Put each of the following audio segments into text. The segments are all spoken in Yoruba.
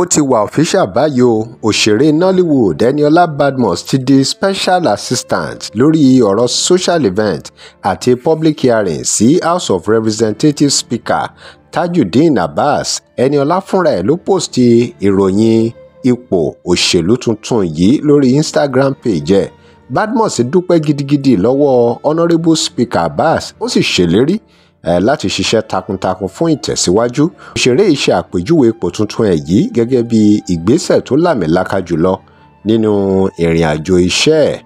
ó ti wá official báyìí o òṣèré nollywood eniola badmus ti di special assistant lórí ọ̀rọ̀ social event àti public hearing sí si house of representatives speaker tajudeen abbas eniola fúnra ẹ̀ ló pòstì ìròyìn ipò òṣèlú tuntun yìí lórí instagram page ẹ̀ badmus dúpẹ́ gidigidi lọ́wọ́ honourable speaker abbas ó sì ṣèlérí Eh, láti ṣiṣẹ́ takuntakun fún ìtẹ̀síwájú. òṣèré yìí ṣe àpèjúwe ipò tuntun ẹ̀ yìí gẹ́gẹ́ bí ìgbésẹ̀ tó lámìlaka jùlọ nínú ìrìn àjò iṣẹ́ ẹ̀.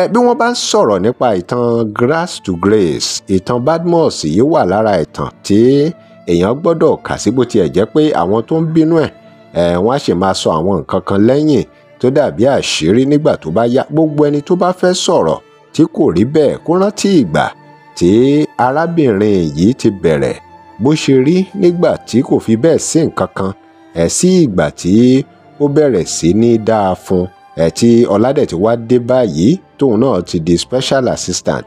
ẹ bí wọ́n bá ń sọ̀rọ̀ nípa ìtàn grass to grace ìtàn Badmus yìí wà lára ìtàn tí èèyàn gbọ́dọ̀ kà sí bó tiẹ̀ jẹ́ pé àwọn tó ń bínú ẹ̀ ẹ̀ wọ́n á sì máa sọ àwọn nǹkan kan lẹ́yìn tó dàbí àṣírí nígbà tó bá yá gbogbo ẹni tó bá fẹ́ sọ̀rọ̀ tí kò rí bẹ́ẹ̀ kó rántí ìgbà tí arábìnrin yìí ti bẹ̀rẹ̀ bó ṣe rí nígbà tí kò fi bẹ́ẹ̀ sí nǹkan kan ẹ̀ sí ìgbà tí ó bẹ̀rẹ̀ sí ní dáa fún ẹ̀ tí ọ̀làdẹ̀ wá dé báyìí tóun náà ti di special assistant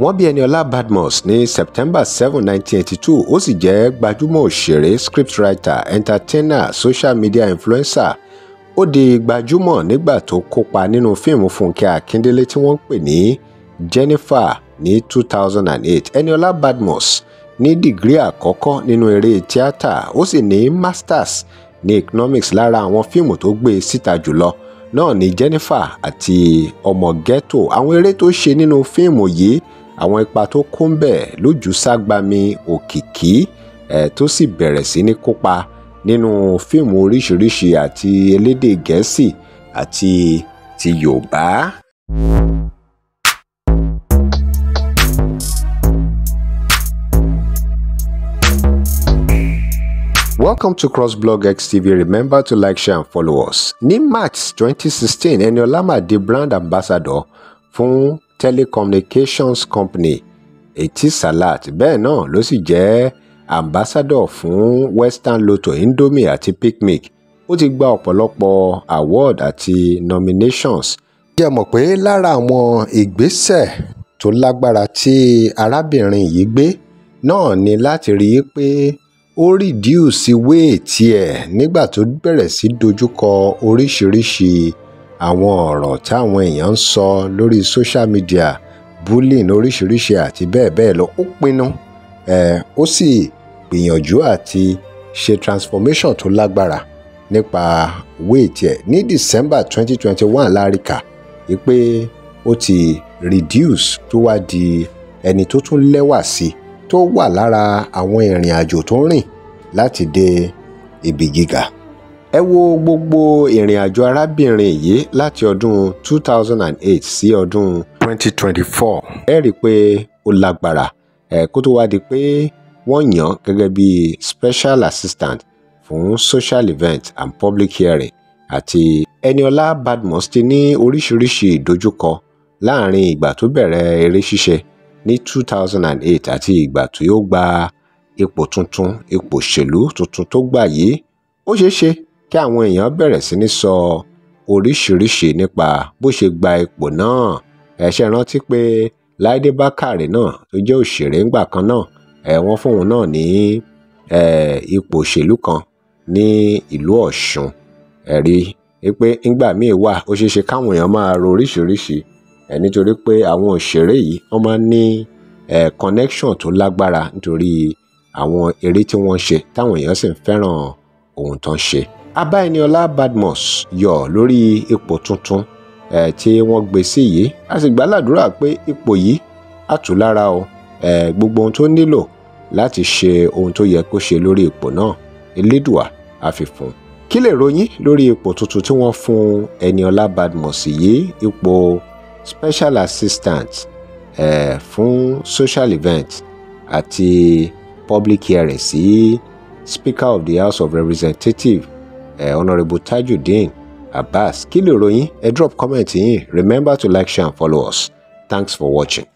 wọ́n bí Ẹniọlá Badmus ní September seven nineteen eighty two ó sì jẹ́ gbajúmọ̀ òṣèré scriptwriter entertainer social media influencer ó di gbajúmọ̀ nígbà tó kópa nínú fíìmù Fúnkẹ́ Akíndélé tí wọ́n ń pè ní Jennifer ní 2008 eniola badmus ní dìgírì àkọ́kọ́ nínú eré tíátà ó sì ní masters ní economics lára àwọn fíìmù tó gbé síta jùlọ náà ni jennifer àti ọmọ ghetto àwọn eré tó ṣe nínú fíìmù yìí àwọn ipa tó kó ń bẹ̀ lójú ságbami òkìkí ẹ̀ tó sì bẹ̀rẹ̀ sí ní kópa nínú fíìmù oríṣiríṣi àti elédè gẹ̀ẹ́sì àti ti yorùbá. Welcome to crossblog XTV. Remember to like, share and follow us. Ní March 2016, Eniola ma brand ambassador for telecommunications company eti Salat. Bẹ́ẹ̀ náà ló sì ambassador for Western Lotto, Indomie àti Picnic. Ó ti gba ọ̀pọ̀lọpọ̀ award àti nominations. Jẹ́ mọ̀ pé lára àwọn ìgbésẹ̀ tó lágbára tí arábìnrin yìí gbé náà ni láti rí i pé ó rìdíùsì wéètì ẹ̀ nígbà tó bẹ̀rẹ̀ sí dojúkọ oríṣiríṣi àwọn ọ̀rọ̀ táwọn èèyàn ń sọ lórí social media bullying oríṣiríṣi àti bẹ́ẹ̀ bẹ́ẹ̀ lọ ó pinnu ẹ̀ ó sì gbìyànjú àti ṣe transformation tó lágbára nípa wéètì ẹ̀ ní December 2021 láríkà wípé ó ti reduce tó wá di ẹni tó tún lẹ́wà sí i tó wà lára àwọn ìrìn àjò tó ń rìn láti dé ibi gíga ẹ wo gbogbo ìrìn àjò arábìnrin yìí láti ọdún 2008 sí ọdún 2024 ẹ rí i pé ó lágbára ẹ kó tó wá di pé wọ́n yàn án gẹ́gẹ́ bí special assistant fún social event and public hearing àti Eniola Badmus ti ní oríṣiríṣi ìdojúkọ láàrin ìgbà tó bẹ̀rẹ̀ eré ṣíṣe ní two thousand and eight àti ìgbà tí ó gba ipò tuntun ipò òṣèlú tuntun tó gbà yìí ó ṣeé ṣe kí àwọn èèyàn bẹ̀rẹ̀ sí ní sọ oríṣiríṣi nípa bó ṣe gba ipò náà ẹ ṣe rántí pé Láìdé Bákàrè náà tó jẹ́ òṣèré ńgbà kan náà ẹ̀ wọ́n fóun náà ní ipò òṣèlú kan ní ìlú Ọ̀ṣun ẹ̀rí pé ńgbà míì wà ó ṣeé ṣe káwọn èèyàn máa ro oríṣiríṣi ẹ̀ eh, nítorí pé àwọn òṣèré yìí wọ́n máa ń ní ẹ̀ eh, connection tó lágbára nítorí àwọn eré tí wọ́n ṣe táwọn èèyàn sì ń fẹ́ràn ohun tó ń ṣe. abá Ẹniọlá Badmus yọ̀ lórí ipò tuntun ẹ̀ eh, tí wọ́n gbé sí yìí a sì gbàládùra pé ipò yìí á o ẹ̀ gbogbo ohun tó nílò láti ṣe ohun tó yẹ kó ṣe lórí ipò náà elédùà á kí lè ròyìn lórí ipò tuntun tí wọ́n fún Ẹniọlá Badmus yìí ipò special assistant um fún social events àti public hearing sí speaker of the house of representatives uh, honourable tajudeen abbas kí lè ròyìn ẹ drop comment yín remember to like share and follow us thanks for watching.